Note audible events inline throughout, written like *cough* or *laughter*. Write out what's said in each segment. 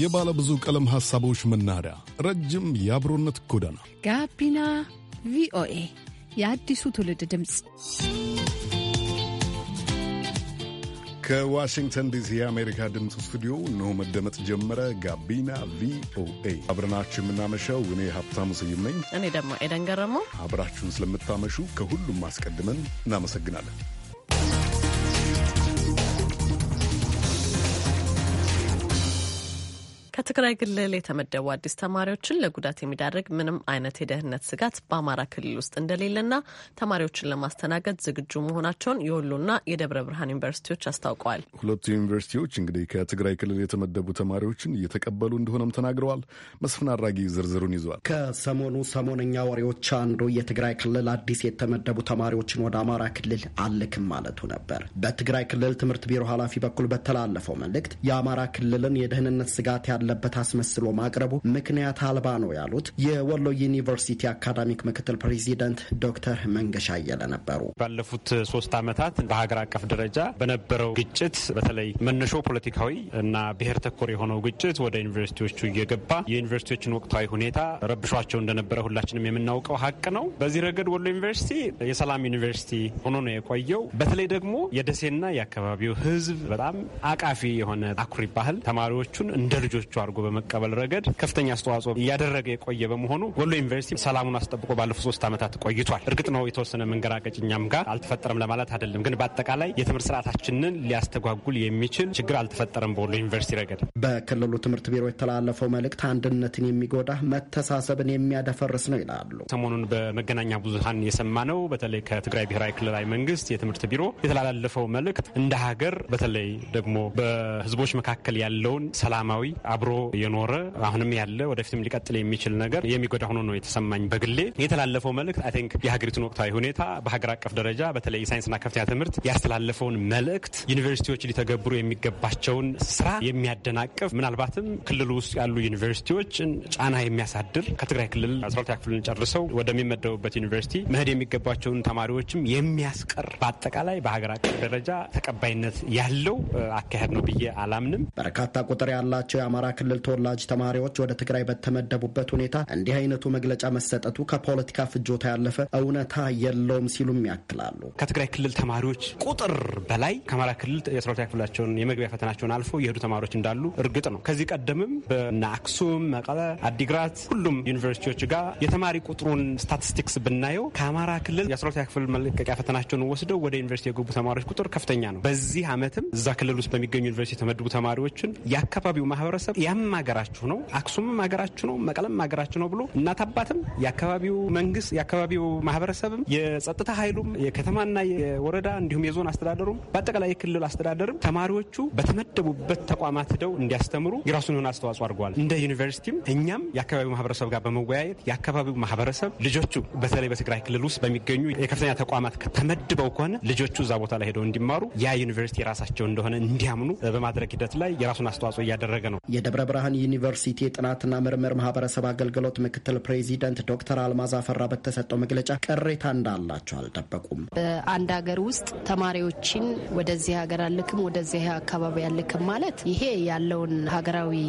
የባለ ብዙ ቀለም ሐሳቦች መናኸሪያ፣ ረጅም የአብሮነት ጎዳና ጋቢና ቪኦኤ የአዲሱ ትውልድ ድምፅ ከዋሽንግተን ዲሲ የአሜሪካ ድምፅ ስቱዲዮ እነሆ መደመጥ ጀመረ። ጋቢና ቪኦኤ አብረናችሁ የምናመሸው እኔ ሀብታሙ ስዩም ነኝ። እኔ ደግሞ ኤደን ገረመው። አብራችሁን ስለምታመሹ ከሁሉም አስቀድመን እናመሰግናለን። ከትግራይ ክልል የተመደቡ አዲስ ተማሪዎችን ለጉዳት የሚዳርግ ምንም አይነት የደህንነት ስጋት በአማራ ክልል ውስጥ እንደሌለና ተማሪዎችን ለማስተናገድ ዝግጁ መሆናቸውን የወሎና የደብረ ብርሃን ዩኒቨርሲቲዎች አስታውቀዋል። ሁለቱ ዩኒቨርሲቲዎች እንግዲህ ከትግራይ ክልል የተመደቡ ተማሪዎችን እየተቀበሉ እንደሆነም ተናግረዋል። መስፍን አራጊ ዝርዝሩን ይዟል። ከሰሞኑ ሰሞነኛ ወሬዎች አንዱ የትግራይ ክልል አዲስ የተመደቡ ተማሪዎችን ወደ አማራ ክልል አልክም ማለቱ ነበር። በትግራይ ክልል ትምህርት ቢሮ ኃላፊ በኩል በተላለፈው መልእክት የአማራ ክልልን የደህንነት ስጋት ያለ እንዳለበት አስመስሎ ማቅረቡ ምክንያት አልባ ነው ያሉት የወሎ ዩኒቨርሲቲ አካዳሚክ ምክትል ፕሬዚደንት ዶክተር መንገሻ አየለ ነበሩ። ባለፉት ሶስት ዓመታት በሀገር አቀፍ ደረጃ በነበረው ግጭት በተለይ መነሾ ፖለቲካዊ እና ብሔር ተኮር የሆነው ግጭት ወደ ዩኒቨርሲቲዎቹ እየገባ የዩኒቨርሲቲዎችን ወቅታዊ ሁኔታ ረብሿቸው እንደነበረ ሁላችንም የምናውቀው ሀቅ ነው። በዚህ ረገድ ወሎ ዩኒቨርሲቲ የሰላም ዩኒቨርሲቲ ሆኖ ነው የቆየው። በተለይ ደግሞ የደሴና የአካባቢው ሕዝብ በጣም አቃፊ የሆነ አኩሪ ባህል ተማሪዎቹን እንደ ልጆቹ የራሳቸው አድርጎ በመቀበል ረገድ ከፍተኛ አስተዋጽኦ እያደረገ የቆየ በመሆኑ ወሎ ዩኒቨርሲቲ ሰላሙን አስጠብቆ ባለፉት ሶስት ዓመታት ቆይቷል። እርግጥ ነው የተወሰነ መንገራገጭ እኛም ጋር አልተፈጠረም ለማለት አይደለም፣ ግን በአጠቃላይ የትምህርት ስርዓታችንን ሊያስተጓጉል የሚችል ችግር አልተፈጠረም በወሎ ዩኒቨርሲቲ ረገድ። በክልሉ ትምህርት ቢሮ የተላለፈው መልእክት አንድነትን የሚጎዳ መተሳሰብን የሚያደፈርስ ነው ይላሉ። ሰሞኑን በመገናኛ የሰማ ነው። በተለይ ከትግራይ ብሔራዊ ክልላዊ መንግስት የትምህርት ቢሮ የተላለፈው መልእክት እንደ ሀገር በተለይ ደግሞ በህዝቦች መካከል ያለውን ሰላማዊ አብ አብሮ የኖረ አሁንም ያለ ወደፊትም ሊቀጥል የሚችል ነገር የሚጎዳ ሆኖ ነው የተሰማኝ። በግሌ የተላለፈው መልእክት አይ ቲንክ የሀገሪቱን ወቅታዊ ሁኔታ በሀገር አቀፍ ደረጃ በተለይ የሳይንስና ከፍተኛ ትምህርት ያስተላለፈውን መልእክት ዩኒቨርሲቲዎች ሊተገብሩ የሚገባቸውን ስራ የሚያደናቅፍ ምናልባትም ክልሉ ውስጥ ያሉ ዩኒቨርሲቲዎችን ጫና የሚያሳድር ከትግራይ ክልል አስራት ያክፍልን ጨርሰው ወደሚመደቡበት ዩኒቨርሲቲ መሄድ የሚገባቸውን ተማሪዎችም የሚያስቀር በአጠቃላይ በሀገር አቀፍ ደረጃ ተቀባይነት ያለው አካሄድ ነው ብዬ አላምንም። በርካታ ቁጥር ያላቸው የአማራ ክልል ተወላጅ ተማሪዎች ወደ ትግራይ በተመደቡበት ሁኔታ እንዲህ አይነቱ መግለጫ መሰጠቱ ከፖለቲካ ፍጆታ ያለፈ እውነታ የለውም ሲሉም ያክላሉ። ከትግራይ ክልል ተማሪዎች ቁጥር በላይ ከአማራ ክልል የስራታ ክፍላቸውን የመግቢያ ፈተናቸውን አልፎ የሄዱ ተማሪዎች እንዳሉ እርግጥ ነው። ከዚህ ቀደምም በና አክሱም፣ መቀለ፣ አዲግራት ሁሉም ዩኒቨርሲቲዎች ጋር የተማሪ ቁጥሩን ስታቲስቲክስ ብናየው ከአማራ ክልል የአስራ ክፍል መለቀቂያ ፈተናቸውን ወስደው ወደ ዩኒቨርሲቲ የገቡ ተማሪዎች ቁጥር ከፍተኛ ነው። በዚህ አመትም እዛ ክልል ውስጥ በሚገኙ ዩኒቨርሲቲ የተመደቡ ተማሪዎችን የአካባቢው ማህበረሰብ ያም ሀገራችሁ ነው፣ አክሱምም ሀገራችሁ ነው፣ መቀለም ሀገራችሁ ነው ብሎ እናት አባትም የአካባቢው መንግስት የአካባቢው ማህበረሰብም የጸጥታ ኃይሉም የከተማና የወረዳ እንዲሁም የዞን አስተዳደሩም በአጠቃላይ የክልል አስተዳደርም ተማሪዎቹ በተመደቡበት ተቋማት ሂደው እንዲያስተምሩ የራሱን የሆነ አስተዋጽኦ አድርገዋል። እንደ ዩኒቨርሲቲም እኛም የአካባቢው ማህበረሰብ ጋር በመወያየት የአካባቢው ማህበረሰብ ልጆቹ በተለይ በትግራይ ክልል ውስጥ በሚገኙ የከፍተኛ ተቋማት ተመድበው ከሆነ ልጆቹ እዛ ቦታ ላይ ሄደው እንዲማሩ ያ ዩኒቨርሲቲ የራሳቸው እንደሆነ እንዲያምኑ በማድረግ ሂደት ላይ የራሱን አስተዋጽኦ እያደረገ ነው። የደብረ ብርሃን ዩኒቨርሲቲ የጥናትና ምርምር ማህበረሰብ አገልግሎት ምክትል ፕሬዚደንት ዶክተር አልማዝ አፈራ በተሰጠው መግለጫ ቅሬታ እንዳላቸው አልጠበቁም። በአንድ ሀገር ውስጥ ተማሪዎችን ወደዚህ ሀገር አልክም ወደዚህ አካባቢ አልክም ማለት ይሄ ያለውን ሀገራዊ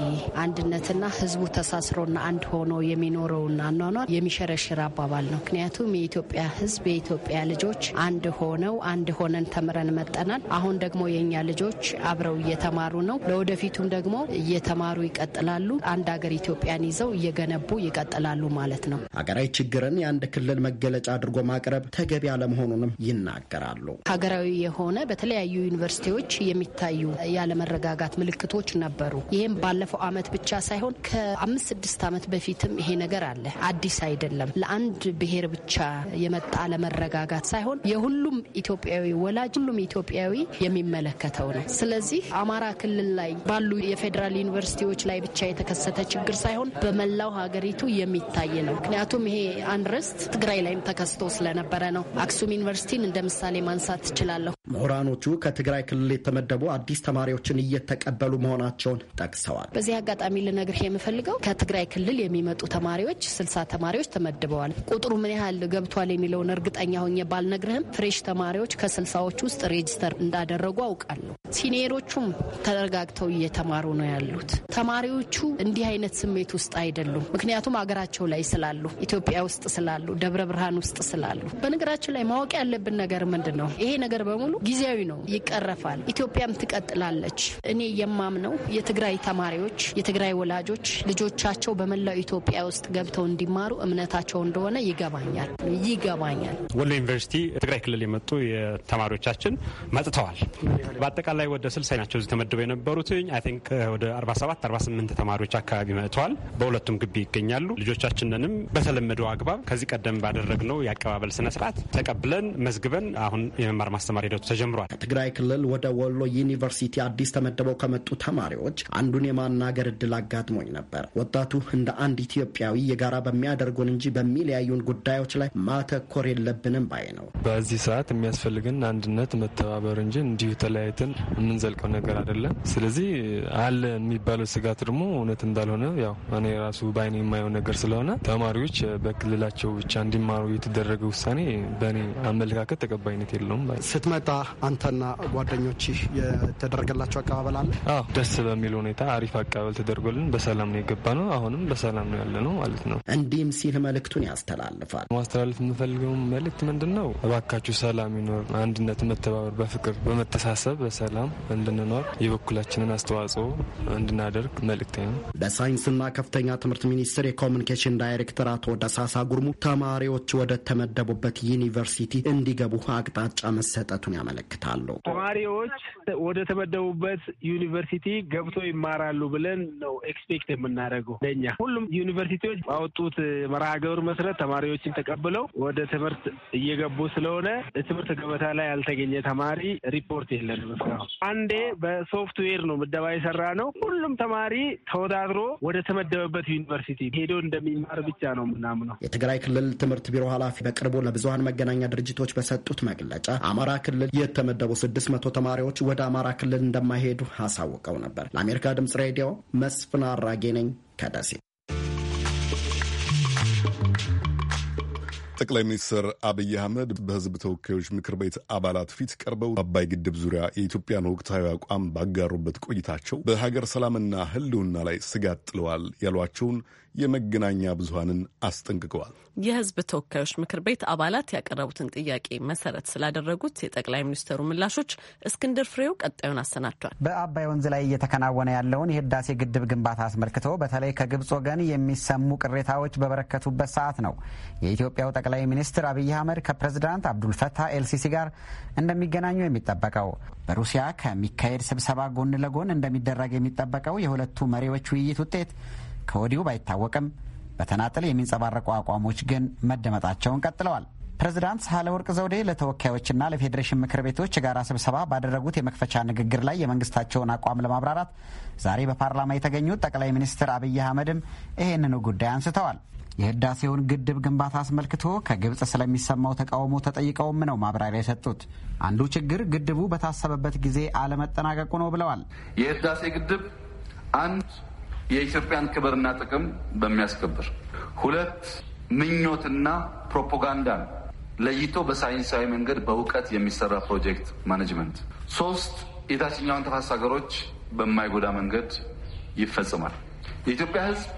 አንድነትና ህዝቡ ተሳስሮና አንድ ሆኖ የሚኖረውን አኗኗር የሚሸረሽር አባባል ነው። ምክንያቱም የኢትዮጵያ ህዝብ የኢትዮጵያ ልጆች አንድ ሆነው አንድ ሆነን ተምረን መጠናል። አሁን ደግሞ የእኛ ልጆች አብረው እየተማሩ ነው። ለወደፊቱም ደግሞ እየተማ እየተማሩ ይቀጥላሉ። አንድ ሀገር ኢትዮጵያን ይዘው እየገነቡ ይቀጥላሉ ማለት ነው። ሀገራዊ ችግርን የአንድ ክልል መገለጫ አድርጎ ማቅረብ ተገቢ አለመሆኑንም ይናገራሉ። ሀገራዊ የሆነ በተለያዩ ዩኒቨርሲቲዎች የሚታዩ ያለመረጋጋት ምልክቶች ነበሩ። ይህም ባለፈው ዓመት ብቻ ሳይሆን ከአምስት ስድስት ዓመት በፊትም ይሄ ነገር አለ። አዲስ አይደለም። ለአንድ ብሔር ብቻ የመጣ አለመረጋጋት ሳይሆን የሁሉም ኢትዮጵያዊ ወላጅ ሁሉም ኢትዮጵያዊ የሚመለከተው ነው። ስለዚህ አማራ ክልል ላይ ባሉ የፌዴራል ዩኒቨርሲቲ ዩኒቨርሲቲዎች ላይ ብቻ የተከሰተ ችግር ሳይሆን በመላው ሀገሪቱ የሚታይ ነው። ምክንያቱም ይሄ አንድ ትግራይ ላይም ተከስቶ ስለነበረ ነው። አክሱም ዩኒቨርሲቲን እንደ ምሳሌ ማንሳት ትችላለሁ። ምሁራኖቹ ከትግራይ ክልል የተመደቡ አዲስ ተማሪዎችን እየተቀበሉ መሆናቸውን ጠቅሰዋል። በዚህ አጋጣሚ ልነግርህ የምፈልገው ከትግራይ ክልል የሚመጡ ተማሪዎች ስልሳ ተማሪዎች ተመድበዋል። ቁጥሩ ምን ያህል ገብቷል የሚለውን እርግጠኛ ሆኜ ባልነግርህም ፍሬሽ ተማሪዎች ከስልሳዎች ውስጥ ሬጅስተር እንዳደረጉ አውቃለሁ። ሲኒየሮቹም ተረጋግተው እየተማሩ ነው ያሉት። ተማሪዎቹ እንዲህ አይነት ስሜት ውስጥ አይደሉም። ምክንያቱም አገራቸው ላይ ስላሉ፣ ኢትዮጵያ ውስጥ ስላሉ፣ ደብረ ብርሃን ውስጥ ስላሉ። በነገራችን ላይ ማወቅ ያለብን ነገር ምንድን ነው? ይሄ ነገር በሙሉ ጊዜያዊ ነው፣ ይቀረፋል። ኢትዮጵያም ትቀጥላለች። እኔ የማምነው የትግራይ ተማሪዎች፣ የትግራይ ወላጆች ልጆቻቸው በመላው ኢትዮጵያ ውስጥ ገብተው እንዲማሩ እምነታቸው እንደሆነ ይገባኛል ይገባኛል። ወሎ ዩኒቨርሲቲ ትግራይ ክልል የመጡ የተማሪዎቻችን መጥተዋል። በአጠቃላይ ወደ ስልሳ ናቸው ተመድበው የነበሩት አይ ቲንክ ወደ 47 48 ተማሪዎች አካባቢ መጥተዋል። በሁለቱም ግቢ ይገኛሉ። ልጆቻችንንም በተለመደው አግባብ ከዚህ ቀደም ባደረግነው የአቀባበል ስነስርዓት ተቀብለን መዝግበን አሁን የመማር ማስተማር ሂደቱ ተጀምሯል። ከትግራይ ክልል ወደ ወሎ ዩኒቨርሲቲ አዲስ ተመድበው ከመጡ ተማሪዎች አንዱን የማናገር እድል አጋጥሞኝ ነበር። ወጣቱ እንደ አንድ ኢትዮጵያዊ የጋራ በሚያደርጉን እንጂ በሚለያዩን ጉዳዮች ላይ ማተኮር የለብንም ባይ ነው። በዚህ ሰዓት የሚያስፈልግን አንድነት፣ መተባበር እንጂ እንዲሁ ተለያይተን የምንዘልቀው ነገር አይደለም። ስለዚህ አለ የሚባለው ስጋት ደግሞ እውነት እንዳልሆነ ያው እኔ ራሱ በአይኔ የማየው ነገር ስለሆነ ተማሪዎች በክልላቸው ብቻ እንዲማሩ የተደረገ ውሳኔ በእኔ አመለካከት ተቀባይነት የለውም። ስትመጣ አንተና ጓደኞች የተደረገላቸው አቀባበል አለ? አዎ፣ ደስ በሚል ሁኔታ አሪፍ አቀባበል ተደርጎልን በሰላም ነው የገባ ነው። አሁንም በሰላም ነው ያለ ነው ማለት ነው። እንዲህም ሲል መልእክቱን ያስተላልፋል። ማስተላለፍ የምፈልገው መልእክት ምንድን ነው? እባካችሁ ሰላም ይኖር፣ አንድነት፣ መተባበር፣ በፍቅር በመተሳሰብ በሰላም እንድንኖር የበኩላችንን አስተዋጽኦ እንድናደርግ መልእክት ነው። በሳይንስና ከፍተኛ ትምህርት ሚኒስቴር የኮሚኒኬሽን ዳይሬክተር አቶ ደሳሳ ጉርሙ ተማሪዎች ወደ ተመደቡበት ዩኒቨርሲቲ እንዲገቡ አቅጣጫ መሰጠቱን ያመለክታሉ። ተማሪዎች ወደ ተመደቡበት ዩኒቨርሲቲ ገብቶ ይማራሉ ብለን ነው ኤክስፔክት የምናደርገው። ለኛ ሁሉም ዩኒቨርሲቲዎች ባወጡት መርሃ ግብር መሰረት ተማሪዎችን ተቀብለው ወደ ትምህርት እየገቡ ስለሆነ ትምህርት ገበታ ላይ ያልተገኘ ተማሪ ሪፖርት የለንም አንዴ በሶፍትዌር ነው ምደባ የሰራ ነው። ሁሉም ተማሪ ተወዳድሮ ወደ ተመደበበት ዩኒቨርሲቲ ሄዶ እንደሚማር ብቻ ነው ምናምነው። የትግራይ ክልል ትምህርት ቢሮ ኃላፊ በቅርቡ ለብዙሀን መገናኛ ድርጅቶች በሰጡት መግለጫ አማራ ክልል የተመደቡ 600 ተማሪዎች ወደ አማራ ክልል እንደማይሄዱ አሳውቀው ነበር። ለአሜሪካ ድምጽ ሬዲዮ መስፍን አራጌ ነኝ ከደሴ። ጠቅላይ ሚኒስትር አብይ አህመድ በህዝብ ተወካዮች ምክር ቤት አባላት ፊት ቀርበው አባይ ግድብ ዙሪያ የኢትዮጵያን ወቅታዊ አቋም ባጋሩበት ቆይታቸው በሀገር ሰላምና ህልውና ላይ ስጋት ጥለዋል ያሏቸውን የመገናኛ ብዙሀንን አስጠንቅቀዋል። የህዝብ ተወካዮች ምክር ቤት አባላት ያቀረቡትን ጥያቄ መሰረት ስላደረጉት የጠቅላይ ሚኒስትሩ ምላሾች እስክንድር ፍሬው ቀጣዩን አሰናድቷል። በአባይ ወንዝ ላይ እየተከናወነ ያለውን የህዳሴ ግድብ ግንባታ አስመልክቶ በተለይ ከግብፅ ወገን የሚሰሙ ቅሬታዎች በበረከቱበት ሰዓት ነው የኢትዮጵያው ጠቅላይ ሚኒስትር አብይ አህመድ ከፕሬዝዳንት አብዱልፈታህ ኤልሲሲ ጋር እንደሚገናኙ የሚጠበቀው በሩሲያ ከሚካሄድ ስብሰባ ጎን ለጎን እንደሚደረግ የሚጠበቀው የሁለቱ መሪዎች ውይይት ውጤት ከወዲሁ ባይታወቅም በተናጠል የሚንጸባረቁ አቋሞች ግን መደመጣቸውን ቀጥለዋል። ፕሬዝዳንት ሳህለወርቅ ዘውዴ ለተወካዮችና ለፌዴሬሽን ምክር ቤቶች የጋራ ስብሰባ ባደረጉት የመክፈቻ ንግግር ላይ የመንግስታቸውን አቋም ለማብራራት ዛሬ በፓርላማ የተገኙት ጠቅላይ ሚኒስትር አብይ አህመድም ይህንኑ ጉዳይ አንስተዋል። የህዳሴውን ግድብ ግንባታ አስመልክቶ ከግብፅ ስለሚሰማው ተቃውሞ ተጠይቀውም ነው ማብራሪያ የሰጡት። አንዱ ችግር ግድቡ በታሰበበት ጊዜ አለመጠናቀቁ ነው ብለዋል። የህዳሴ ግድብ አንድ የኢትዮጵያን ክብርና ጥቅም በሚያስከብር ሁለት ምኞትና ፕሮፓጋንዳን ለይቶ በሳይንሳዊ መንገድ በእውቀት የሚሰራ ፕሮጀክት ማኔጅመንት፣ ሶስት የታችኛውን ተፋሰስ ሀገሮች በማይጎዳ መንገድ ይፈጽማል። የኢትዮጵያ ህዝብ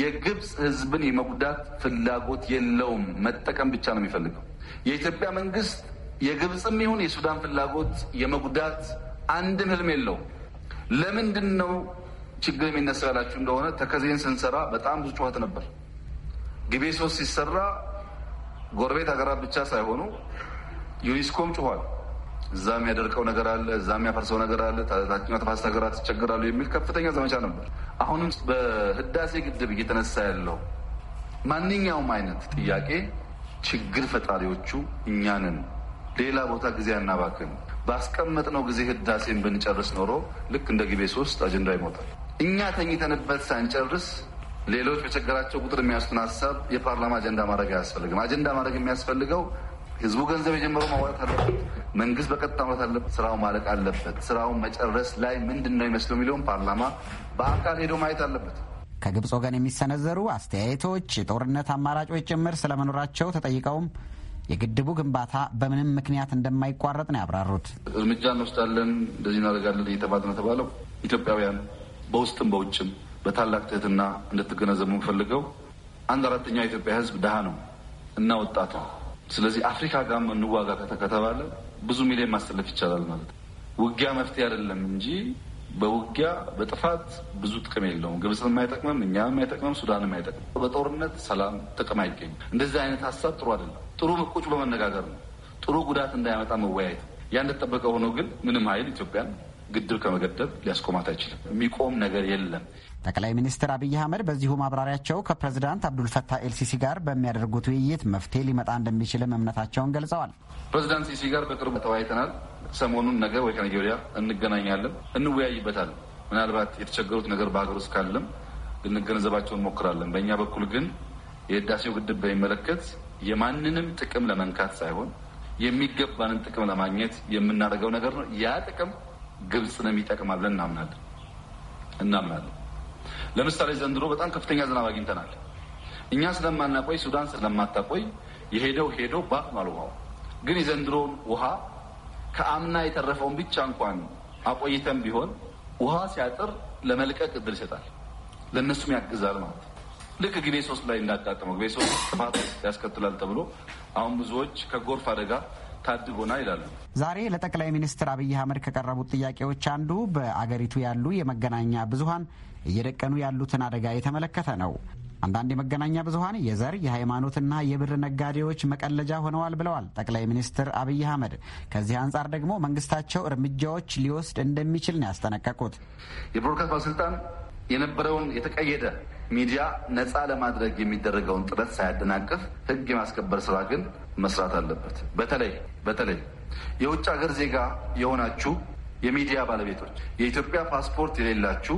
የግብፅ ህዝብን የመጉዳት ፍላጎት የለውም። መጠቀም ብቻ ነው የሚፈልገው። የኢትዮጵያ መንግስት የግብፅም ይሁን የሱዳን ፍላጎት የመጉዳት አንድም ህልም የለውም። ለምንድን ነው ችግር የሚነሳ እንደሆነ ተከዜን ስንሰራ በጣም ብዙ ጩኸት ነበር። ግቤ ሶስት ሲሰራ ጎረቤት ሀገራት ብቻ ሳይሆኑ ዩኒስኮም ጩኋል። እዛ የሚያደርቀው ነገር አለ፣ እዛ የሚያፈርሰው ነገር አለ፣ ታችኛው ተፋሰስ ሀገራት ይቸገራሉ የሚል ከፍተኛ ዘመቻ ነበር። አሁንም በህዳሴ ግድብ እየተነሳ ያለው ማንኛውም አይነት ጥያቄ ችግር ፈጣሪዎቹ እኛንን ሌላ ቦታ ጊዜ አናባክን። ባስቀመጥነው ጊዜ ህዳሴን ብንጨርስ ኖሮ ልክ እንደ ግቤ ሶስት አጀንዳ ይሞታል። እኛ ተኝተንበት ሳንጨርስ ሌሎች በቸገራቸው ቁጥር የሚያስቱን ሀሳብ የፓርላማ አጀንዳ ማድረግ አያስፈልግም። አጀንዳ ማድረግ የሚያስፈልገው ህዝቡ ገንዘብ የጀመረው ማዋጣት አለበት። መንግስት በቀጥታ ማዋጣት አለበት። ስራው ማለቅ አለበት። ስራውን መጨረስ ላይ ምንድን ነው ይመስለው የሚለውን ፓርላማ በአካል ሄዶ ማየት አለበት። ከግብፅ ወገን የሚሰነዘሩ አስተያየቶች የጦርነት አማራጮች ጭምር ስለመኖራቸው ተጠይቀውም የግድቡ ግንባታ በምንም ምክንያት እንደማይቋረጥ ነው ያብራሩት። እርምጃ እንወስዳለን፣ እንደዚህ እናደርጋለን እየተባለ ነው የተባለው ኢትዮጵያውያን በውስጥም በውጭም በታላቅ ትህትና እንድትገነዘቡ የምፈልገው አንድ አራተኛው የኢትዮጵያ ሕዝብ ድሃ ነው እና ወጣት ነው። ስለዚህ አፍሪካ ጋር እንዋጋ ከተባለ ብዙ ሚሊዮን ማሰለፍ ይቻላል ማለት ነው። ውጊያ መፍትሄ አይደለም እንጂ በውጊያ በጥፋት ብዙ ጥቅም የለውም። ግብፅም አይጠቅምም፣ እኛም አይጠቅምም፣ ሱዳንም አይጠቅምም። በጦርነት ሰላም ጥቅም አይገኝም። እንደዚህ አይነት ሀሳብ ጥሩ አይደለም። ጥሩ ቁጭ በመነጋገር ነው። ጥሩ ጉዳት እንዳያመጣ መወያየት ያ እንደተጠበቀ ሆኖ ግን ምንም ሀይል ኢትዮጵያን ግድብ ከመገደብ ሊያስቆማት አይችልም። የሚቆም ነገር የለም። ጠቅላይ ሚኒስትር አብይ አህመድ በዚሁ ማብራሪያቸው ከፕሬዚዳንት አብዱልፈታ ኤልሲሲ ጋር በሚያደርጉት ውይይት መፍትሄ ሊመጣ እንደሚችልም እምነታቸውን ገልጸዋል። ፕሬዚዳንት ሲሲ ጋር በቅርቡ ተወያይተናል። ሰሞኑን ነገ ወይ ከነገ ወዲያ እንገናኛለን፣ እንወያይበታለን። ምናልባት የተቸገሩት ነገር በሀገር ውስጥ ካለም ልንገነዘባቸው እንሞክራለን። በእኛ በኩል ግን የህዳሴው ግድብ በሚመለከት የማንንም ጥቅም ለመንካት ሳይሆን የሚገባንን ጥቅም ለማግኘት የምናደርገው ነገር ነው። ያ ጥቅም ግብፅንም ይጠቅማል ብለን እናምናለን እናምናለን። ለምሳሌ ዘንድሮ በጣም ከፍተኛ ዝናብ አግኝተናል። እኛ ስለማናቆይ፣ ሱዳን ስለማታቆይ የሄደው ሄዶ ባክኗል ውሃው። ግን የዘንድሮውን ውሃ ከአምና የተረፈውን ብቻ እንኳን አቆይተን ቢሆን ውሃ ሲያጥር ለመልቀቅ እድል ይሰጣል፣ ለእነሱም ያግዛል ማለት ልክ ግቤ ሶስት ላይ እንዳጋጠመው ግቤ ሶስት ጥፋት ያስከትላል ተብሎ አሁን ብዙዎች ከጎርፍ አደጋ ታድጎና ይላሉ። ዛሬ ለጠቅላይ ሚኒስትር አብይ አህመድ ከቀረቡት ጥያቄዎች አንዱ በአገሪቱ ያሉ የመገናኛ ብዙሀን እየደቀኑ ያሉትን አደጋ የተመለከተ ነው። አንዳንድ የመገናኛ ብዙሀን የዘር የሃይማኖትና የብር ነጋዴዎች መቀለጃ ሆነዋል ብለዋል ጠቅላይ ሚኒስትር አብይ አህመድ። ከዚህ አንጻር ደግሞ መንግስታቸው እርምጃዎች ሊወስድ እንደሚችል ነው ያስጠነቀቁት። የብሮድካስት ባለስልጣን የነበረውን የተቀየደ ሚዲያ ነፃ ለማድረግ የሚደረገውን ጥረት ሳያደናቅፍ ህግ የማስከበር ስራ ግን መስራት አለበት። በተለይ በተለይ የውጭ ሀገር ዜጋ የሆናችሁ የሚዲያ ባለቤቶች፣ የኢትዮጵያ ፓስፖርት የሌላችሁ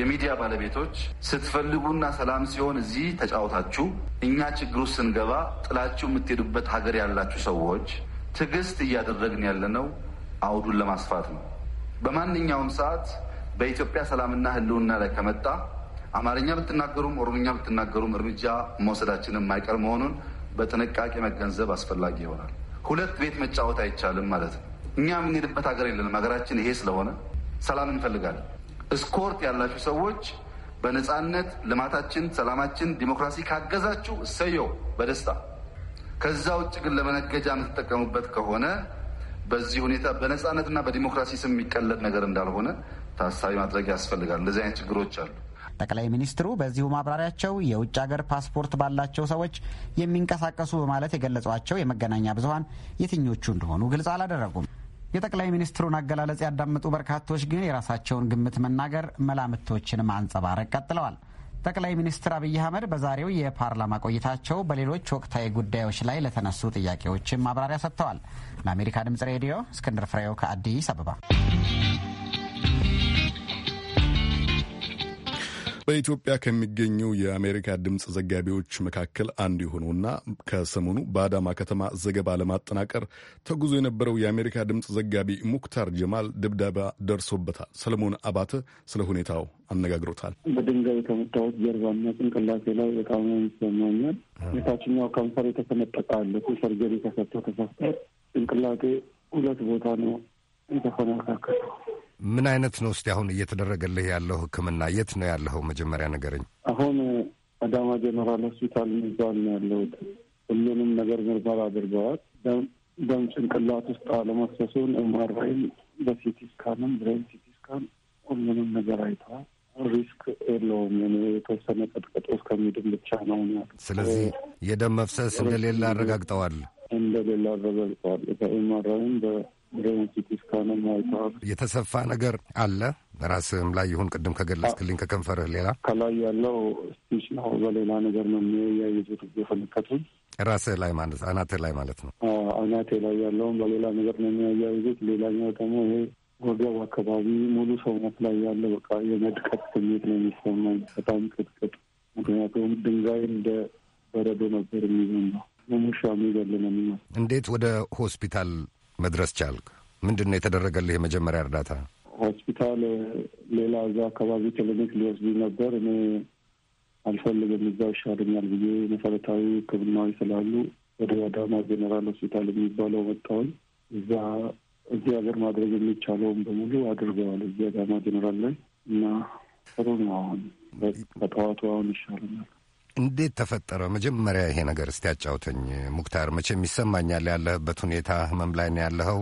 የሚዲያ ባለቤቶች ስትፈልጉና ሰላም ሲሆን እዚህ ተጫውታችሁ እኛ ችግሩ ስንገባ ጥላችሁ የምትሄዱበት ሀገር ያላችሁ ሰዎች ትዕግስት እያደረግን ያለነው አውዱን ለማስፋት ነው። በማንኛውም ሰዓት በኢትዮጵያ ሰላምና ህልውና ላይ ከመጣ አማርኛ ብትናገሩም ኦሮምኛ ብትናገሩም እርምጃ መውሰዳችንን የማይቀር መሆኑን በጥንቃቄ መገንዘብ አስፈላጊ ይሆናል። ሁለት ቤት መጫወት አይቻልም ማለት ነው። እኛ የምንሄድበት ሀገር የለንም። ሀገራችን ይሄ ስለሆነ ሰላም እንፈልጋለን። እስኮርት ያላችሁ ሰዎች በነፃነት ልማታችን፣ ሰላማችን፣ ዲሞክራሲ ካገዛችሁ እሰየው በደስታ ከዛ ውጭ ግን ለመነገጃ የምትጠቀሙበት ከሆነ በዚህ ሁኔታ በነፃነትና በዲሞክራሲ ስም የሚቀለድ ነገር እንዳልሆነ ታሳቢ ማድረግ ያስፈልጋል። እንደዚህ አይነት ችግሮች አሉ። ጠቅላይ ሚኒስትሩ በዚሁ ማብራሪያቸው የውጭ ሀገር ፓስፖርት ባላቸው ሰዎች የሚንቀሳቀሱ በማለት የገለጿቸው የመገናኛ ብዙኃን የትኞቹ እንደሆኑ ግልጽ አላደረጉም። የጠቅላይ ሚኒስትሩን አገላለጽ ያዳምጡ በርካቶች ግን የራሳቸውን ግምት መናገር፣ መላምቶችን ማንጸባረቅ ቀጥለዋል። ጠቅላይ ሚኒስትር አብይ አህመድ በዛሬው የፓርላማ ቆይታቸው በሌሎች ወቅታዊ ጉዳዮች ላይ ለተነሱ ጥያቄዎችን ማብራሪያ ሰጥተዋል። ለአሜሪካ ድምጽ ሬዲዮ እስክንድር ፍሬው ከአዲስ አበባ በኢትዮጵያ ከሚገኙ የአሜሪካ ድምፅ ዘጋቢዎች መካከል አንዱ የሆነውና ከሰሞኑ በአዳማ ከተማ ዘገባ ለማጠናቀር ተጉዞ የነበረው የአሜሪካ ድምፅ ዘጋቢ ሙክታር ጀማል ድብደባ ደርሶበታል። ሰለሞን አባተ ስለ ሁኔታው አነጋግሮታል። በድንጋይ ከመታወት ጀርባና ጭንቅላቴ ላይ በጣም ይሰማኛል። የታችኛው ከንፈር የተሰነጠቀ አለ። ሰርጀሪ ተሰጥቶ ተሰፍቷል። ጭንቅላቴ ሁለት ቦታ ነው የተፈነካከተው። ምን አይነት ነው እስቲ አሁን እየተደረገልህ ያለው ህክምና የት ነው ያለኸው? መጀመሪያ ነገርኝ። አሁን አዳማ ጀነራል ሆስፒታል የሚባል ነው ያለሁት። ሁሉንም ነገር ምርመራ አድርገዋል። ደም ጭንቅላት ውስጥ አለመፍሰሱን ኤምአርአይም በሲቲ ስካንም ብሬን ሲቲ ስካን ሁሉንም ነገር አይተዋል። ሪስክ የለውም። የተወሰነ ቀጥቀጦ እስከሚድን ብቻ ነው። ስለዚህ የደም መፍሰስ እንደሌለ አረጋግጠዋል፣ እንደሌለ አረጋግጠዋል። በኤምአርአይም የተሰፋ ነገር አለ በራስህም ላይ ይሁን ቅድም ከገለጽክልኝ ከከንፈርህ ሌላ ከላይ ያለው ስፒች ነው። በሌላ ነገር ነው የሚያያይዙት የፈነከቱኝ ራስህ ላይ ማለት አናቴ ላይ ማለት ነው። አናቴ ላይ ያለውን በሌላ ነገር ነው የሚያያይዙት። ሌላኛው ደግሞ ይሄ ወገብ አካባቢ ሙሉ ሰውነት ላይ ያለ በቃ የመድቀት ስሜት ነው የሚሰማኝ በጣም ቅጥቅጥ። ምክንያቱም ድንጋይ እንደ በረዶ ነበር ነው ሙሻ የሚገል ነው። እንዴት ወደ ሆስፒታል መድረስ ቻልክ? ምንድን ነው የተደረገልህ የመጀመሪያ እርዳታ? ሆስፒታል ሌላ እዛ አካባቢ ክሊኒክ ሊወስዱ ነበር። እኔ አልፈልግም፣ እዛው ይሻለኛል ብዬ መሰረታዊ ሕክምናዎች ስላሉ ወደ አዳማ ጄኔራል ሆስፒታል የሚባለው መጣውን እዛ እዚህ ሀገር ማድረግ የሚቻለውን በሙሉ አድርገዋል። እዚህ አዳማ ጄኔራል ላይ እና ጥሩ ነው። አሁን በጠዋቱ አሁን ይሻለኛል። እንዴት ተፈጠረ መጀመሪያ ይሄ ነገር? እስቲ ያጫውተኝ ሙክታር። መቼም ይሰማኛል ያለህበት ሁኔታ፣ ህመም ላይ ነው ያለኸው።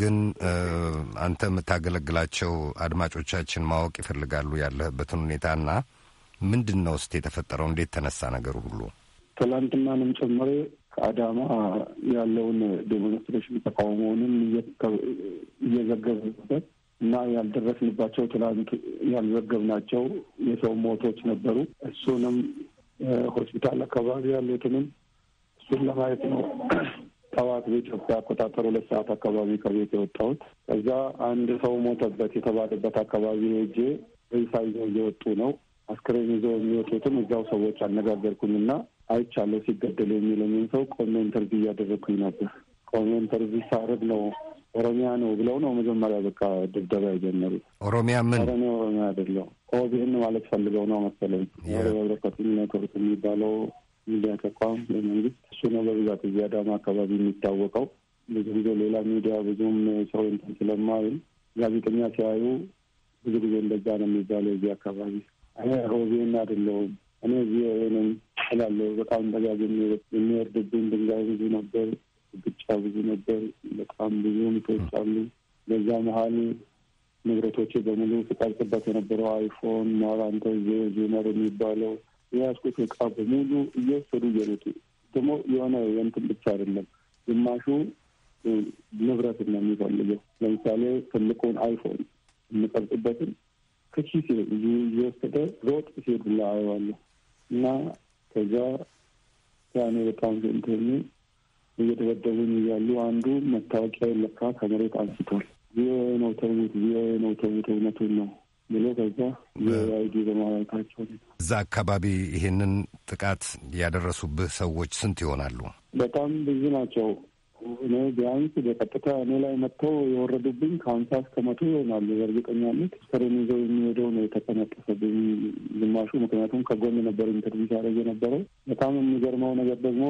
ግን አንተ የምታገለግላቸው አድማጮቻችን ማወቅ ይፈልጋሉ ያለህበትን ሁኔታና ምንድን ነው እስቲ የተፈጠረው? እንዴት ተነሳ ነገሩ ሁሉ? ትላንትናንም ጨምሬ ከአዳማ ያለውን ዴሞንስትሬሽን ተቃውሞውንም እየዘገብንበት እና ያልደረስንባቸው ትላንት ያልዘገብናቸው የሰው ሞቶች ነበሩ። እሱንም ሆስፒታል አካባቢ ያሉትንም እሱን ለማየት ነው። *clears throat* ጠዋት በኢትዮጵያ አቆጣጠር ሁለት ሰዓት አካባቢ ከቤት የወጣሁት። ከዛ አንድ ሰው ሞተበት የተባለበት አካባቢ ሄጄ ሬሳ ይዘው እየወጡ ነው። አስክሬን ይዘው የሚወጡትም እዚያው ሰዎች አነጋገርኩኝና አይቻለሁ ሲገደል የሚለኝን ሰው ቆሜ ኢንተርቪው እያደረግኩኝ ነበር። ቆሜ ኢንተርቪው ሳደርግ ነው ኦሮሚያ ነው ብለው ነው መጀመሪያ በቃ ድብደባ የጀመሩት። ኦሮሚያ ምን ኦሮሚያ ኦሮሚያ አይደለው ኦቢኤን ማለት ፈልገው ነው መሰለኝ። ህብረተሰብ ነገሩት የሚባለው ሚዲያ ተቋም ለመንግስት እሱ ነው በብዛት እዚህ አዳማ አካባቢ የሚታወቀው። ብዙ ጊዜ ሌላ ሚዲያ ብዙም ሰው እንትን ስለማይል ጋዜጠኛ ሲያዩ ብዙ ጊዜ እንደዛ ነው የሚባለው እዚህ አካባቢ። እኔ ኦቢኤን አይደለሁም እኔ እዚህ ሆነም እላለሁ። በጣም በጋዜ የሚወርድብኝ ድንጋይ ብዙ ነበር ግጫ ብዙ ነበር። በጣም ብዙ ሁኔታዎች አሉ። በዛ መሀል ንብረቶች በሙሉ ፍቃድ የነበረው አይፎን ማራንተ ዜነር የሚባለው የያዝኩት እቃ በሙሉ እየወሰዱ እየሮጡ ደግሞ የሆነ የንትን ብቻ አይደለም ግማሹ ንብረት ነው የሚፈልገው። ለምሳሌ ትልቁን አይፎን የምቀርጽበትን ከቺ እየወሰደ ሮጥ ሲሄድ ብላ አየዋለሁ እና ከዛ ያኔ በጣም ንትኑ እየደበደቡን እያሉ አንዱ መታወቂያ ለካ ከመሬት አንስቷል። ቪኦኤ ነው ተዉት፣ ቪኦኤ ነው ተዉት፣ እውነቱን ነው ብሎ ከዛ የአይዲ በማለታቸው እዛ አካባቢ ይሄንን ጥቃት ያደረሱብህ ሰዎች ስንት ይሆናሉ? በጣም ብዙ ናቸው። እኔ ቢያንስ በቀጥታ እኔ ላይ መጥተው የወረዱብኝ ከሀምሳ እስከ መቶ ይሆናሉ። በእርግጠኛነት ከሬን ይዘው የሚሄደው ነው የተጠነቀሰብኝ ግማሹ። ምክንያቱም ከጎን ነበር ኢንተርቪው ሲያደርግ የነበረው። በጣም የሚገርመው ነገር ደግሞ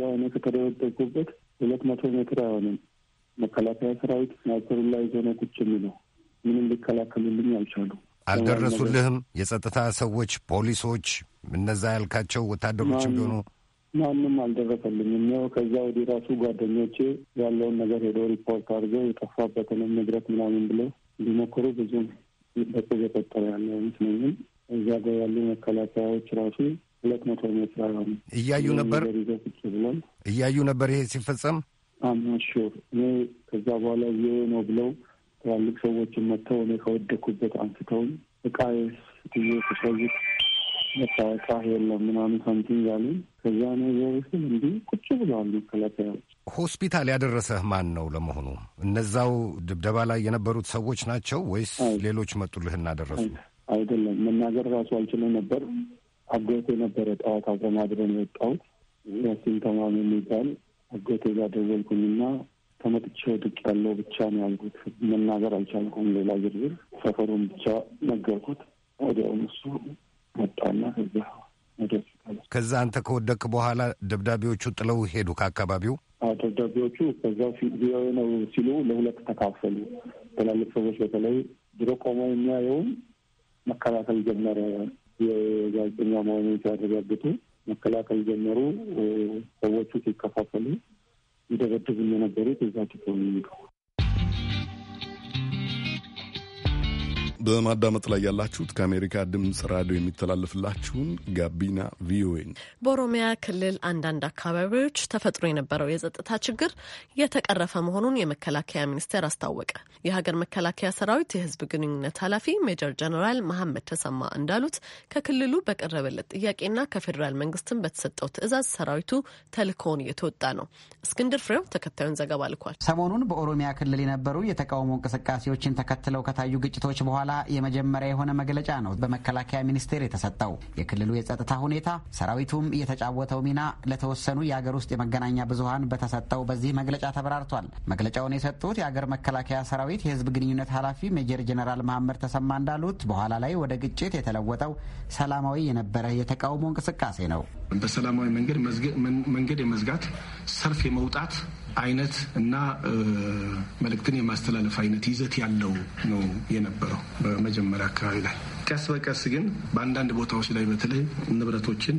ያው እኔ ሁለት መቶ ሜትር አይሆንም መከላከያ ሰራዊት ስናይፐሩን ላይ ዞነ ቁጭ የሚለው ምንም ሊከላከሉልኝ አልቻሉ። አልደረሱልህም? የጸጥታ ሰዎች፣ ፖሊሶች፣ እነዛ ያልካቸው ወታደሮችም ቢሆኑ ማንም አልደረሰልኝም ነው። ከዛ ወደ ራሱ ጓደኞቼ ያለውን ነገር ሄዶ ሪፖርት አድርገው የጠፋበትንም ንብረት ምናምን ብለው ሊሞክሩ ብዙም በቁብ የቆጠረ ያለ አይመስለኝም። እዛ ጋ ያሉ መከላከያዎች ራሱ ሁለት መቶ ሜትር እያዩ ነበር ይዘው ብለን እያዩ ነበር ይሄ ሲፈጸም አምናሹር እኔ ከዛ በኋላ ይሄ ነው ብለው ትላልቅ ሰዎችን መጥተው እኔ ከወደኩበት አንስተውም እቃ ትዬ ተሰዩት መታወቂያ የለም ምናምን ሳምቲንግ አሉ። ከዚያ ነው ስል እንዲህ ቁጭ ብለዋል መከላከያዎች። ሆስፒታል ያደረሰህ ማን ነው ለመሆኑ? እነዛው ድብደባ ላይ የነበሩት ሰዎች ናቸው ወይስ ሌሎች መጡልህ እናደረሱ? አይደለም መናገር ራሱ አልችልም ነበር። አጎቴ ነበረ ጠዋት አብረን አድረን የወጣሁት ያሲን ተማም የሚባል አጎቴ ጋር ደወልኩኝና ተመጥቼ ወድቅ ያለው ብቻ ነው ያልኩት። መናገር አልቻልኩም። ሌላ ዝርዝር ሰፈሩን ብቻ ነገርኩት። ወዲያውም እሱ መጣና እዛ ከዛ አንተ ከወደክ በኋላ ደብዳቤዎቹ ጥለው ሄዱ ከአካባቢው። ደብዳቤዎቹ ከዛ ቪኦኤ ነው ሲሉ ለሁለት ተካፈሉ። ትላልቅ ሰዎች በተለይ ድሮ ቆሞ የሚያየውን መከላከል ጀመረ። የጋዜጠኛ መሆኑ ሲያረጋግጡ መከላከል ጀመሩ። ሰዎቹ ሲከፋፈሉ ይደበድቡ የነበሩት እዛ ትቶ በማዳመጥ ላይ ያላችሁት ከአሜሪካ ድምፅ ራዲዮ የሚተላለፍላችሁን ጋቢና ቪኦኤ። በኦሮሚያ ክልል አንዳንድ አካባቢዎች ተፈጥሮ የነበረው የጸጥታ ችግር የተቀረፈ መሆኑን የመከላከያ ሚኒስቴር አስታወቀ። የሀገር መከላከያ ሰራዊት የህዝብ ግንኙነት ኃላፊ ሜጀር ጀነራል መሐመድ ተሰማ እንዳሉት ከክልሉ በቀረበለት ጥያቄና ከፌዴራል መንግስትም በተሰጠው ትዕዛዝ ሰራዊቱ ተልእኮውን እየተወጣ ነው። እስክንድር ፍሬው ተከታዩን ዘገባ ልኳል። ሰሞኑን በኦሮሚያ ክልል የነበሩ የተቃውሞ እንቅስቃሴዎችን ተከትለው ከታዩ ግጭቶች በኋላ የመጀመሪያ የሆነ መግለጫ ነው በመከላከያ ሚኒስቴር የተሰጠው። የክልሉ የጸጥታ ሁኔታ፣ ሰራዊቱም የተጫወተው ሚና ለተወሰኑ የአገር ውስጥ የመገናኛ ብዙሀን በተሰጠው በዚህ መግለጫ ተብራርቷል። መግለጫውን የሰጡት የአገር መከላከያ ሰራዊት የህዝብ ግንኙነት ኃላፊ ሜጀር ጀነራል መሐመድ ተሰማ እንዳሉት በኋላ ላይ ወደ ግጭት የተለወጠው ሰላማዊ የነበረ የተቃውሞ እንቅስቃሴ ነው። በሰላማዊ መንገድ መንገድ የመዝጋት ሰልፍ የመውጣት አይነት እና መልእክትን የማስተላለፍ አይነት ይዘት ያለው ነው የነበረው። በመጀመሪያ አካባቢ ላይ ቀስ በቀስ ግን በአንዳንድ ቦታዎች ላይ በተለይ ንብረቶችን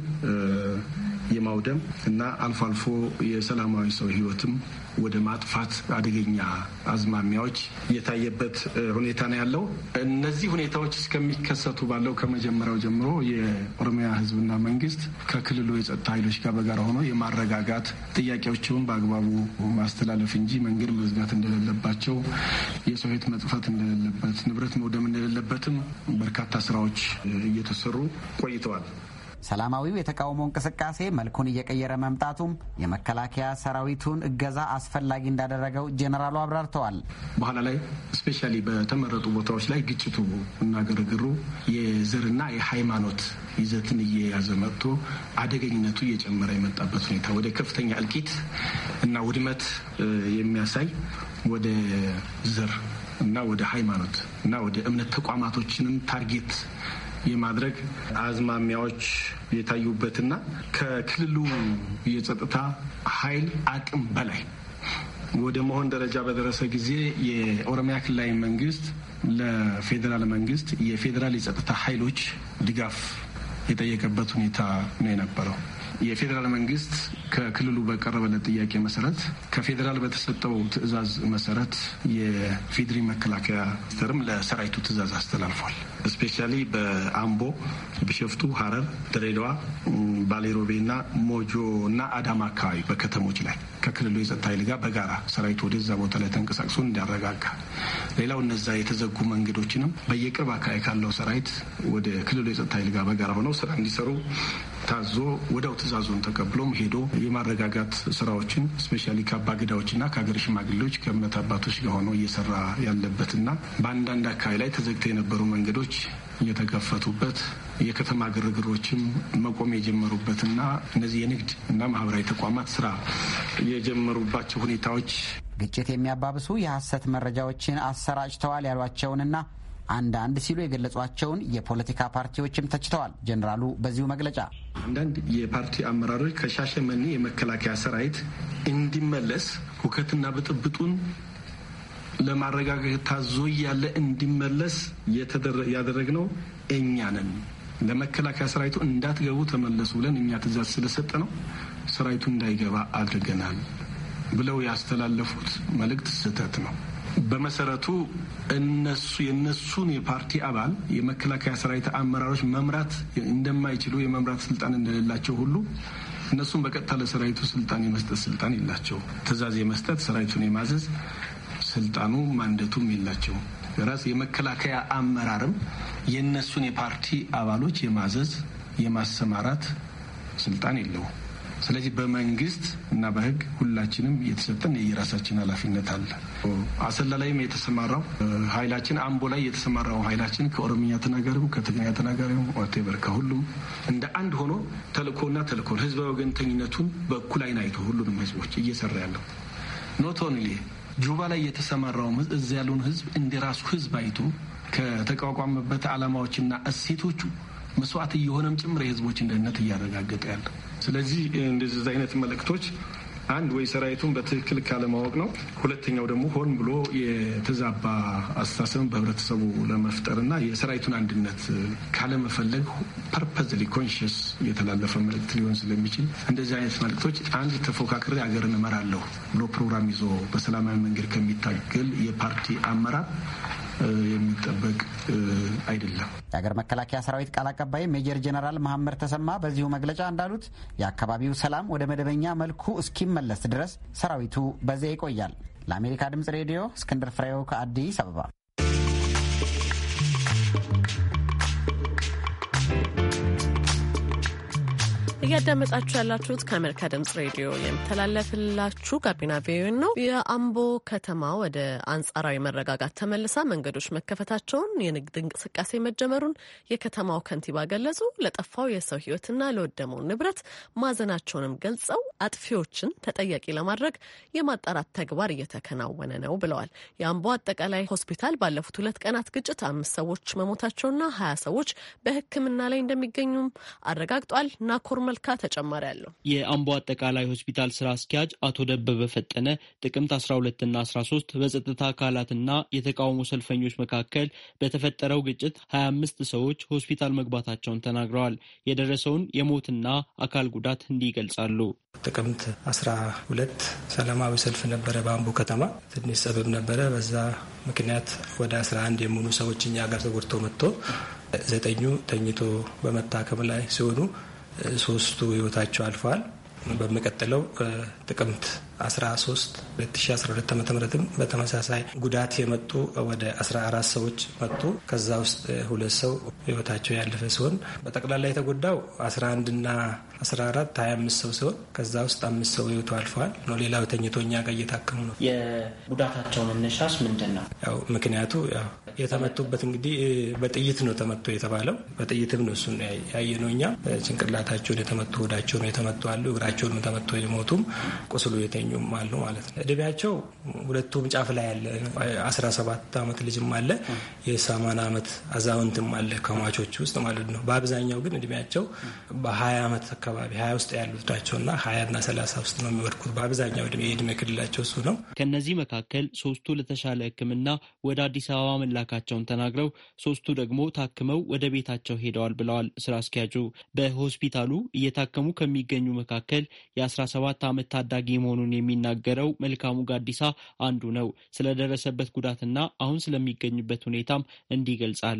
የማውደም እና አልፎ አልፎ የሰላማዊ ሰው ህይወትም ወደ ማጥፋት አደገኛ አዝማሚያዎች የታየበት ሁኔታ ነው ያለው። እነዚህ ሁኔታዎች እስከሚከሰቱ ባለው ከመጀመሪያው ጀምሮ የኦሮሚያ ህዝብና መንግስት ከክልሉ የጸጥታ ኃይሎች ጋር በጋራ ሆኖ የማረጋጋት ጥያቄዎችን በአግባቡ ማስተላለፍ እንጂ መንገድ መዝጋት እንደሌለባቸው፣ የሰው ህይወት መጥፋት እንደሌለበት፣ ንብረት መውደም እንደሌለበትም በርካታ ስራዎች እየተሰሩ ቆይተዋል። ሰላማዊው የተቃውሞ እንቅስቃሴ መልኩን እየቀየረ መምጣቱም የመከላከያ ሰራዊቱን እገዛ አስፈላጊ እንዳደረገው ጄኔራሉ አብራርተዋል። በኋላ ላይ ስፔሻሊ በተመረጡ ቦታዎች ላይ ግጭቱ እና ግርግሩ የዘርና የሃይማኖት ይዘትን እየያዘ መጥቶ አደገኝነቱ እየጨመረ የመጣበት ሁኔታ ወደ ከፍተኛ እልቂት እና ውድመት የሚያሳይ ወደ ዘር እና ወደ ሃይማኖት እና ወደ እምነት ተቋማቶችንም ታርጌት የማድረግ አዝማሚያዎች የታዩበትና ከክልሉ የጸጥታ ኃይል አቅም በላይ ወደ መሆን ደረጃ በደረሰ ጊዜ የኦሮሚያ ክልላዊ መንግስት ለፌዴራል መንግስት የፌዴራል የጸጥታ ኃይሎች ድጋፍ የጠየቀበት ሁኔታ ነው የነበረው። የፌዴራል መንግስት ከክልሉ በቀረበለት ጥያቄ መሰረት ከፌዴራል በተሰጠው ትዕዛዝ መሰረት የፌድሪ መከላከያ ሚኒስትርም ለሰራዊቱ ትዕዛዝ አስተላልፏል። እስፔሻሊ በአምቦ፣ ቢሸፍቱ፣ ሀረር ድሬዳዋ፣ ባሌሮቤና ሞጆ እና አዳማ አካባቢ በከተሞች ላይ ከክልሉ የጸጥታ ኃይል ጋር በጋራ ሰራዊቱ ወደዛ ቦታ ላይ ተንቀሳቅሶ እንዲያረጋጋ፣ ሌላው እነዛ የተዘጉ መንገዶችንም በየቅርብ አካባቢ ካለው ሰራዊት ወደ ክልሉ የጸጥታ ኃይል ጋር በጋራ ሆነው ስራ እንዲሰሩ ታዞ ወደው ትእዛዙን ተቀብሎም ሄዶ የማረጋጋት ስራዎችን ስፔሻሊ ከአባ ገዳዎችና ከሀገር ሽማግሌዎች ከእምነት አባቶች ጋር ሆኖ እየሰራ ያለበትና በአንዳንድ አካባቢ ላይ ተዘግተው የነበሩ መንገዶች የተከፈቱበት የከተማ ግርግሮችም መቆም የጀመሩበትና እነዚህ የንግድ እና ማህበራዊ ተቋማት ስራ የጀመሩባቸው ሁኔታዎች ግጭት የሚያባብሱ የሐሰት መረጃዎችን አሰራጭተዋል ያሏቸውንና አንዳንድ ሲሉ የገለጿቸውን የፖለቲካ ፓርቲዎችም ተችተዋል። ጀኔራሉ በዚሁ መግለጫ አንዳንድ የፓርቲ አመራሮች ከሻሸመኔ የመከላከያ ሰራዊት እንዲመለስ ሁከትና ብጥብጡን ለማረጋገጥ ታዞ እያለ እንዲመለስ ያደረግነው እኛ ነን። ለመከላከያ ሰራዊቱ እንዳትገቡ ተመለሱ ብለን እኛ ትእዛዝ ስለሰጠ ነው ሰራዊቱ እንዳይገባ አድርገናል ብለው ያስተላለፉት መልእክት ስህተት ነው። በመሰረቱ እነሱ የነሱን የፓርቲ አባል የመከላከያ ሰራዊት አመራሮች መምራት እንደማይችሉ የመምራት ስልጣን እንደሌላቸው ሁሉ እነሱም በቀጥታ ለሰራዊቱ ስልጣን የመስጠት ስልጣን የላቸው። ትእዛዝ የመስጠት ሰራዊቱን የማዘዝ ስልጣኑ ማንደቱም የላቸው። ራስ የመከላከያ አመራርም የእነሱን የፓርቲ አባሎች የማዘዝ የማሰማራት ስልጣን የለውም። ስለዚህ በመንግስት እና በህግ ሁላችንም የተሰጠን የየራሳችን ኃላፊነት አለ። አሰላ ላይም የተሰማራው ኃይላችን አምቦ ላይ የተሰማራው ኃይላችን ከኦሮምኛ ተናጋሪው፣ ከትግርኛ ተናጋሪው ቴበር ከሁሉም እንደ አንድ ሆኖ ተልእኮና ተልእኮ ህዝበ ወገንተኝነቱን በእኩል አይን አይቶ ሁሉንም ህዝቦች እየሰራ ያለው ኖት ኦንሊ ጁባ ላይ የተሰማራው እዚ ያለውን ህዝብ እንደ ራሱ ህዝብ አይቶ ከተቋቋመበት ዓላማዎችና እሴቶቹ መስዋዕት እየሆነም ጭምር የህዝቦች እንደነት እያረጋገጠ ያለው ስለዚህ እንደዚህ አይነት መልእክቶች አንድ ወይ ሰራዊቱን በትክክል ካለማወቅ ነው። ሁለተኛው ደግሞ ሆን ብሎ የተዛባ አስተሳሰብን በህብረተሰቡ ለመፍጠር እና የሰራዊቱን አንድነት ካለመፈለግ ፐርፐዝሊ ኮንሽስ የተላለፈ መልእክት ሊሆን ስለሚችል እንደዚህ አይነት መልእክቶች አንድ ተፎካካሪ ሀገርን እመራለሁ ብሎ ፕሮግራም ይዞ በሰላማዊ መንገድ ከሚታገል የፓርቲ አመራር የሚጠበቅ አይደለም። የአገር መከላከያ ሰራዊት ቃል አቀባይ ሜጀር ጀነራል መሐመድ ተሰማ በዚሁ መግለጫ እንዳሉት የአካባቢው ሰላም ወደ መደበኛ መልኩ እስኪመለስ ድረስ ሰራዊቱ በዚያ ይቆያል። ለአሜሪካ ድምጽ ሬዲዮ እስክንድር ፍሬው ከአዲስ አበባ እያዳመጣችሁ ያላችሁት ከአሜሪካ ድምጽ ሬዲዮ የሚተላለፍላችሁ ጋቢና ቪኦኤ ነው። የአምቦ ከተማ ወደ አንጻራዊ መረጋጋት ተመልሳ መንገዶች መከፈታቸውን፣ የንግድ እንቅስቃሴ መጀመሩን የከተማው ከንቲባ ገለጹ። ለጠፋው የሰው ህይወትና ለወደመው ንብረት ማዘናቸውንም ገልጸው አጥፊዎችን ተጠያቂ ለማድረግ የማጣራት ተግባር እየተከናወነ ነው ብለዋል። የአምቦ አጠቃላይ ሆስፒታል ባለፉት ሁለት ቀናት ግጭት አምስት ሰዎች መሞታቸውና ሀያ ሰዎች በህክምና ላይ እንደሚገኙም አረጋግጧል። ናኮርመል መልካ ተጨማሪ አለው። የአምቦ አጠቃላይ ሆስፒታል ስራ አስኪያጅ አቶ ደበበ ፈጠነ ጥቅምት 12ና 13 በጸጥታ አካላትና የተቃውሞ ሰልፈኞች መካከል በተፈጠረው ግጭት 25 ሰዎች ሆስፒታል መግባታቸውን ተናግረዋል። የደረሰውን የሞትና አካል ጉዳት እንዲህ ይገልጻሉ። ጥቅምት 12 ሰላማዊ ሰልፍ ነበረ በአምቦ ከተማ። ትንሽ ጸበብ ነበረ። በዛ ምክንያት ወደ 11 የሚሆኑ ሰዎች እኛ ጋር ተጎድቶ መጥቶ ዘጠኙ ተኝቶ በመታከም ላይ ሲሆኑ ሶስቱ ህይወታቸው አልፈዋል። በሚቀጥለው ጥቅምት 13 2012 ዓ ም በተመሳሳይ ጉዳት የመጡ ወደ 14 ሰዎች መጡ። ከዛ ውስጥ ሁለት ሰው ህይወታቸው ያለፈ ሲሆን በጠቅላላ የተጎዳው 11 ና 14 25 ሰው ሲሆን ከዛ ውስጥ አምስት ሰው ህይወቱ አልፈዋል ነው። ሌላው ተኝቶ እኛ ጋር እየታከሙ ነው። የጉዳታቸው መነሻስ ምንድን ነው? ያው ምክንያቱ ያው የተመቱበት እንግዲህ በጥይት ነው ተመቶ የተባለው በጥይትም ነው እሱን ነው። እኛ። ጭንቅላታቸውን የተመቱ ወዳቸው ነው የተመቱ አሉ፣ እግራቸውን ተመቶ የሞቱም ቁስሉ የተኙም አሉ ማለት ነው። እድሜያቸው ሁለቱም ጫፍ ላይ ያለ አስራ ሰባት ዓመት ልጅም አለ የ80 ዓመት አዛውንትም አለ ከሟቾች ውስጥ ማለት ነው። በአብዛኛው ግን እድሜያቸው በሀያ 20 ዓመት አካባቢ ሀያ ውስጥ ያሉት ናቸውና 20 እና 30 ውስጥ ነው የሚወድኩት በአብዛኛው የእድሜ ክልላቸው እሱ ነው። ከእነዚህ መካከል ሶስቱ ለተሻለ ሕክምና ወደ አዲስ አበባ መላክ መላካቸውን ተናግረው ሶስቱ ደግሞ ታክመው ወደ ቤታቸው ሄደዋል ብለዋል ስራ አስኪያጁ። በሆስፒታሉ እየታከሙ ከሚገኙ መካከል የ17 ዓመት ታዳጊ መሆኑን የሚናገረው መልካሙ ጋዲሳ አንዱ ነው። ስለደረሰበት ጉዳትና አሁን ስለሚገኝበት ሁኔታም እንዲህ ይገልጻል።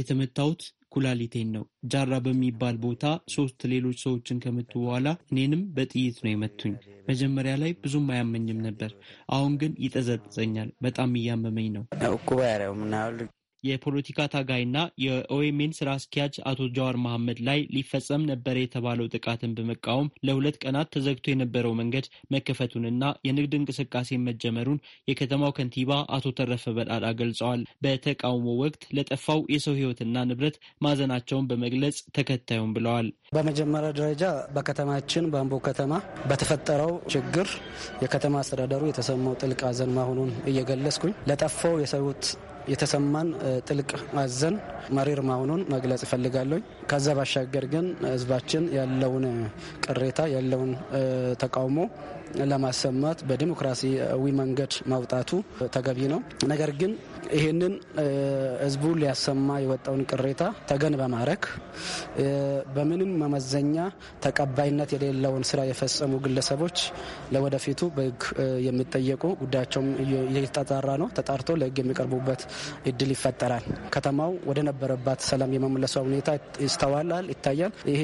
የተመታሁት ኩላሊቴን ነው። ጃራ በሚባል ቦታ ሶስት ሌሎች ሰዎችን ከመቱ በኋላ እኔንም በጥይት ነው የመቱኝ። መጀመሪያ ላይ ብዙም አያመኝም ነበር። አሁን ግን ይጠዘጥዘኛል። በጣም እያመመኝ ነው። የፖለቲካ ታጋይና የኦኤምኤን ስራ አስኪያጅ አቶ ጃዋር መሐመድ ላይ ሊፈጸም ነበር የተባለው ጥቃትን በመቃወም ለሁለት ቀናት ተዘግቶ የነበረው መንገድ መከፈቱንና የንግድ እንቅስቃሴ መጀመሩን የከተማው ከንቲባ አቶ ተረፈ በዳዳ ገልጸዋል። በተቃውሞ ወቅት ለጠፋው የሰው ሕይወትና ንብረት ማዘናቸውን በመግለጽ ተከታዩም ብለዋል። በመጀመሪያ ደረጃ በከተማችን በአምቦ ከተማ በተፈጠረው ችግር የከተማ አስተዳደሩ የተሰማው ጥልቅ ሐዘን መሆኑን እየገለጽኩኝ ለጠፋው የሰውት የተሰማን ጥልቅ ማዘን መሪር መሆኑን መግለጽ እፈልጋለሁ። ከዛ ባሻገር ግን ህዝባችን ያለውን ቅሬታ ያለውን ተቃውሞ ለማሰማት በዲሞክራሲያዊ መንገድ ማውጣቱ ተገቢ ነው። ነገር ግን ይህንን ህዝቡ ሊያሰማ የወጣውን ቅሬታ ተገን በማድረግ በምንም መመዘኛ ተቀባይነት የሌለውን ስራ የፈጸሙ ግለሰቦች ለወደፊቱ በህግ የሚጠየቁ ጉዳያቸውም እየተጣራ ነው፣ ተጣርቶ ለህግ የሚቀርቡበት እድል ይፈጠራል። ከተማው ወደ ነበረባት ሰላም የመመለሷ ሁኔታ ይስተዋላል፣ ይታያል። ይሄ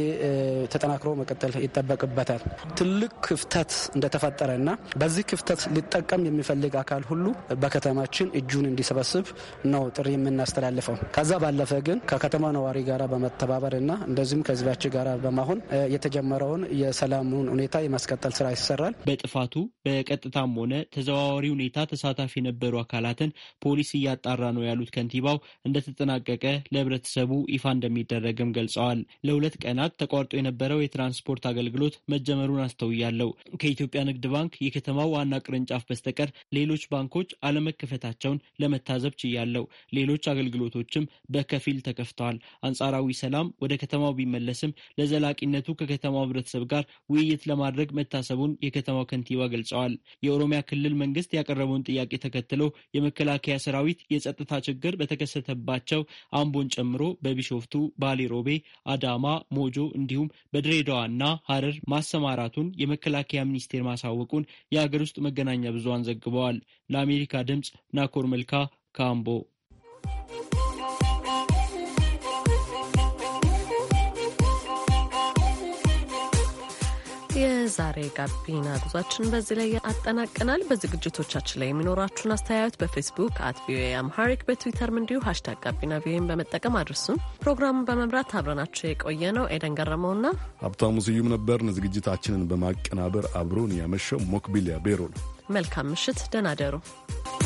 ተጠናክሮ መቀጠል ይጠበቅበታል። ትልቅ ክፍተት እንደተፈጠረና በዚህ ክፍተት ሊጠቀም የሚፈልግ አካል ሁሉ በከተማችን እጁን እንዲሰበ እንድናስብ ነው ጥሪ የምናስተላልፈው። ከዛ ባለፈ ግን ከከተማ ነዋሪ ጋር እና እንደዚሁም ከህዝባችን ጋር በማሆን የተጀመረውን የሰላሙን ሁኔታ የማስቀጠል ስራ ይሰራል። በጥፋቱ በቀጥታም ሆነ ተዘዋዋሪ ሁኔታ ተሳታፊ የነበሩ አካላትን ፖሊስ እያጣራ ነው ያሉት ከንቲባው እንደተጠናቀቀ ለህብረተሰቡ ይፋ እንደሚደረግም ገልጸዋል። ለሁለት ቀናት ተቋርጦ የነበረው የትራንስፖርት አገልግሎት መጀመሩን አስተውያለው። ከኢትዮጵያ ንግድ ባንክ የከተማው ዋና ቅርንጫፍ በስተቀር ሌሎች ባንኮች አለመከፈታቸውን ለመታ መታዘብ ችያለው። ሌሎች አገልግሎቶችም በከፊል ተከፍተዋል። አንጻራዊ ሰላም ወደ ከተማው ቢመለስም ለዘላቂነቱ ከከተማው ህብረተሰብ ጋር ውይይት ለማድረግ መታሰቡን የከተማው ከንቲባ ገልጸዋል። የኦሮሚያ ክልል መንግስት ያቀረበውን ጥያቄ ተከትሎ የመከላከያ ሰራዊት የጸጥታ ችግር በተከሰተባቸው አምቦን ጨምሮ በቢሾፍቱ፣ ባሌ ሮቤ፣ አዳማ፣ ሞጆ እንዲሁም በድሬዳዋና ሀረር ማሰማራቱን የመከላከያ ሚኒስቴር ማሳወቁን የሀገር ውስጥ መገናኛ ብዙሃን ዘግበዋል። ለአሜሪካ ድምፅ ናኮር መልካ ካምቦ። የዛሬ ጋቢና ጉዟችን በዚህ ላይ አጠናቀናል። በዝግጅቶቻችን ላይ የሚኖራችሁን አስተያየት በፌስቡክ አት ቪኦኤ አምሃሪክ በትዊተርም እንዲሁ ሀሽታግ ጋቢና ቪኦኤን በመጠቀም አድርሱም። ፕሮግራሙን በመምራት አብረናቸው የቆየ ነው ኤደን ገረመውና ሀብታሙ ስዩም ነበርን። ዝግጅታችንን በማቀናበር አብሮን ያመሸው ሞክቢሊያ ቤሮ ነው። መልካም ምሽት፣ ደህና ደሩ።